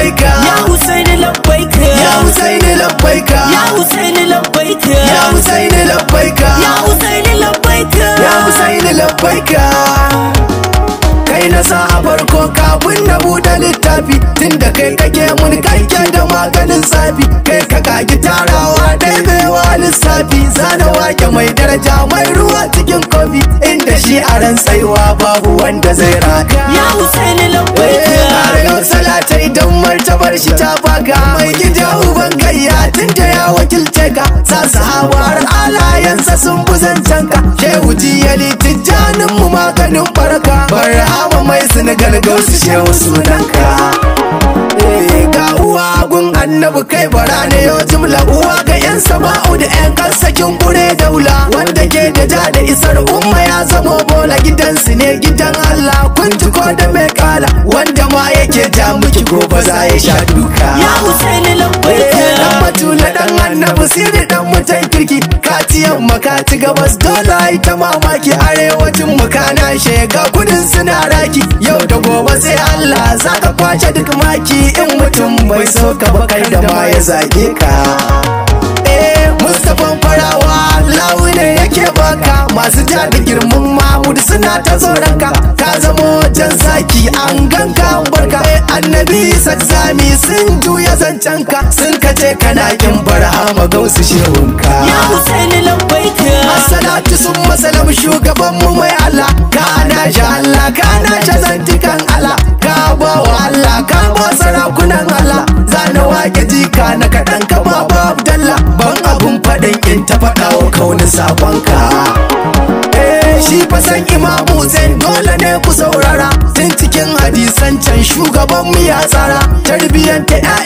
labbaika ya husaini labbaika ya husaini labbaika ya husaini labbaika ya husaini labbaika ya husaini labbaika ya husaini labbaika kai na sa a farko kafin na buɗe littafi tun da kai kake mun kake da maganin zafi kai ka kagi tarawa ɗaya baiwa lissafi zana wake mai daraja mai ruwa cikin a ran tsaiwa babu wanda zai raka ya husaini eh, Ya ranar salata idan martabar shi ta baga mai gida uban gayya tunda ya wakilce ka sa sahawar alayansa sun buzan ka shehu jiyali tijjanin mu maganin barka barhama mai sinigar gausu shehu sunanka abun annabi kai bara ne yo jimla uwa ga yan sama'u da yan kansakin gure daula wanda ke da ja da isar umma ya zama bola gidansu ne gidan Allah kun ji ko da mai kala wanda ma yake ja miki gobe za ya sha duka ya Husaini lambai eh, na dan annabi sirri dan mutan kirki katiyan makaci gabas dole ai ta mamaki arewacin makana shega suna raki yau da gobe sai Allah za ka kwace duk maki in mutum bai so ka kai da ma ya zage ka eh Mustapha farawa launin yake baka masu ja da girman mahud suna ta zoranka ka zamo jan zaki an ganka barka eh, annabi sazzami sun juya zancanka sun kace kana kin barhama gausu shehunka ya Fati sun masalam shugabanmu mai Allah Ka na nashi Allah, ka na nashi zantikan Allah Ka ba wa Allah, ka ba sarakunan Allah Zana wake jika na kaɗan ka ba Abdallah Ban abun faɗin in ta faɗa wa kaunin sabon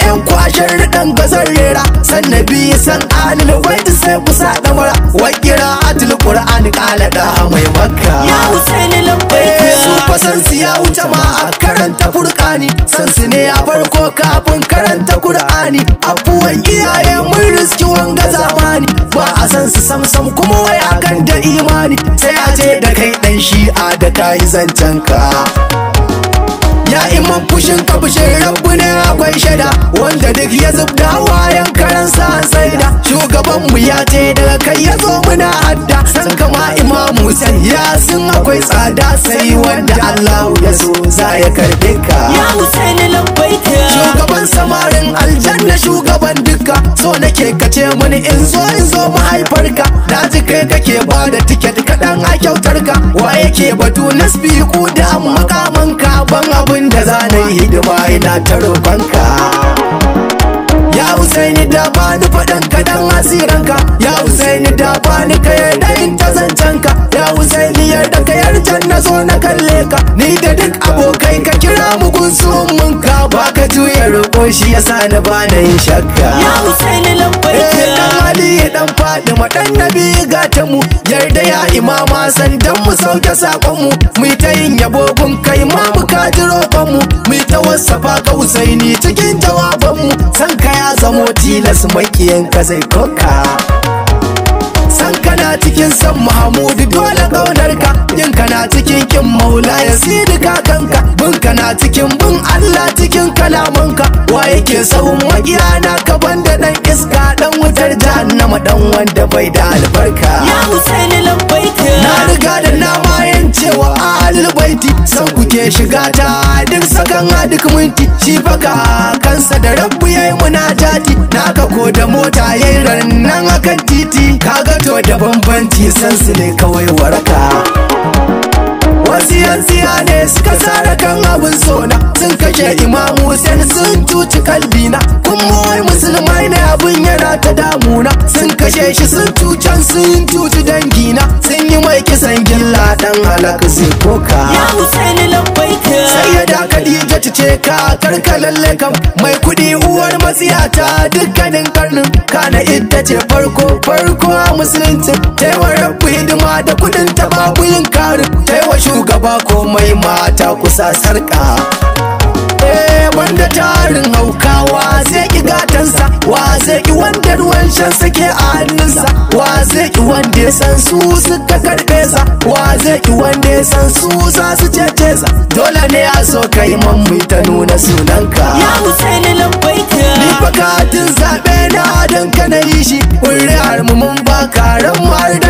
'yan kwashin riɗan gazar rera sannabi san wai waiti sai kusa ɗamara wakira atil kala ƙalaɗa mai makka ya husaini labbaiki eh, su su ya wuce ma a karanta san su ne a farko kafin karanta a abuwan iyaye mun riski wanga zamani ba a san su samsam kuma wai kan da imani sai a ce da kai ɗan shi'a da kayi zancen ka ya iman fushin ka rabu ne akwai shaida wanda duk ya zubda wayan karan sa saida shugabanmu ya ce daga kai ya zo muna adda san kama imamu sai ya sun akwai tsada sai wanda Allah ya so za ya karbe ka ya Husaini labbaika shugaban samarin aljanna shugaban dukka so nake kace mini in zo in zo mahaifarka na ji kai kake bada tiket kaɗan a kyautarka, wa yake batu na spiku da makama abin da za na yi hidima ina ta roƙonka ya husaini da ba ni faɗan kaɗan asiranka ya husaini da ba ni ka yarda in ta zancenka ya husaini yarda ka yarda na so na kalle ka ni da duk so shi ya sa ni ba na yin shakka ya husaini lambar eh, ka dan Ɗan dan fadima dan nabi ga ta mu yarda ya imama san dan mu sauke sakon mu mu ta yin yabo gun kai ma mu ka ji roƙon mu mu ta wasafa ka husaini cikin jawaban mu san ka ya zamo tilas makiyan ka zai koka kana cikin san Mahamudu dole ka yin kana cikin kin maula ya sidi kakanka bin kana cikin bin Allah cikin kalamanka wa yake sahun magiya na ka banda dan iska dan wutar jahannama dan wanda bai da albarka ya Husaini lambaita na riga da na alul san kuke shiga ta duk sakan duk minti ci baka kansa da rabbu yayi muna tati ka ko da mota yayi rannan akan titi kaga to da bambanci san su ne kawai waraka wasu yansiya ne suka tsara kan abin sona sun kashe imamu Hussein sun cuci kalbina kun musulmai ne abin yana ta damuna sun kashe shi sun cucan sun cuci kisan gilla dan halak zai koka ya husaini labbaika sai ya da kadija ta ce ka karka lalle kam mai kudi uwar maziyata dukkanin karnin kana idda ce farko farko a musulunci taiwa rabu hidima da kudin ta babu yin karin taiwa shugaba komai mata kusa sarka ne banda tarin hauka wa zai ki gatansa wa zai ki wanda ruwan shan suke a hannunsa wa zai ki wanda ya san su suka karbe sa wa zai ki wanda ya san su za su cece sa dole ne a so kai man mu ta nuna sunanka ya husaini lambaita ni fa katin zabe na dan kana yi shi ƙuri'ar mu mun ba karen mu har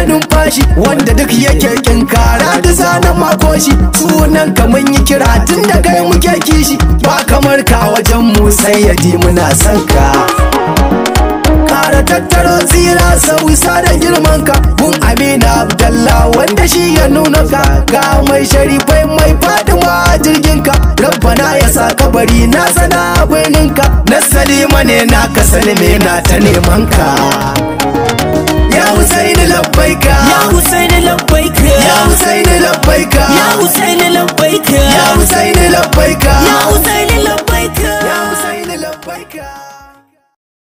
shi wanda duk yake kara da zanen makoshi sunan ka mun yi kira tun da kai muke kishi ba kamar ka wajen mu sai ya ji muna son ka kara tattaro zira sausa da girman ka kun amina abdallah wanda shi ya nuna ka ga mai sharifai mai fadima jirgin ka rabbana ya sa kabari na sana birnin ka na salima ne na ka na ta neman ka ya husaini lab labbaika ya husaini labbaika ya husaini labbaika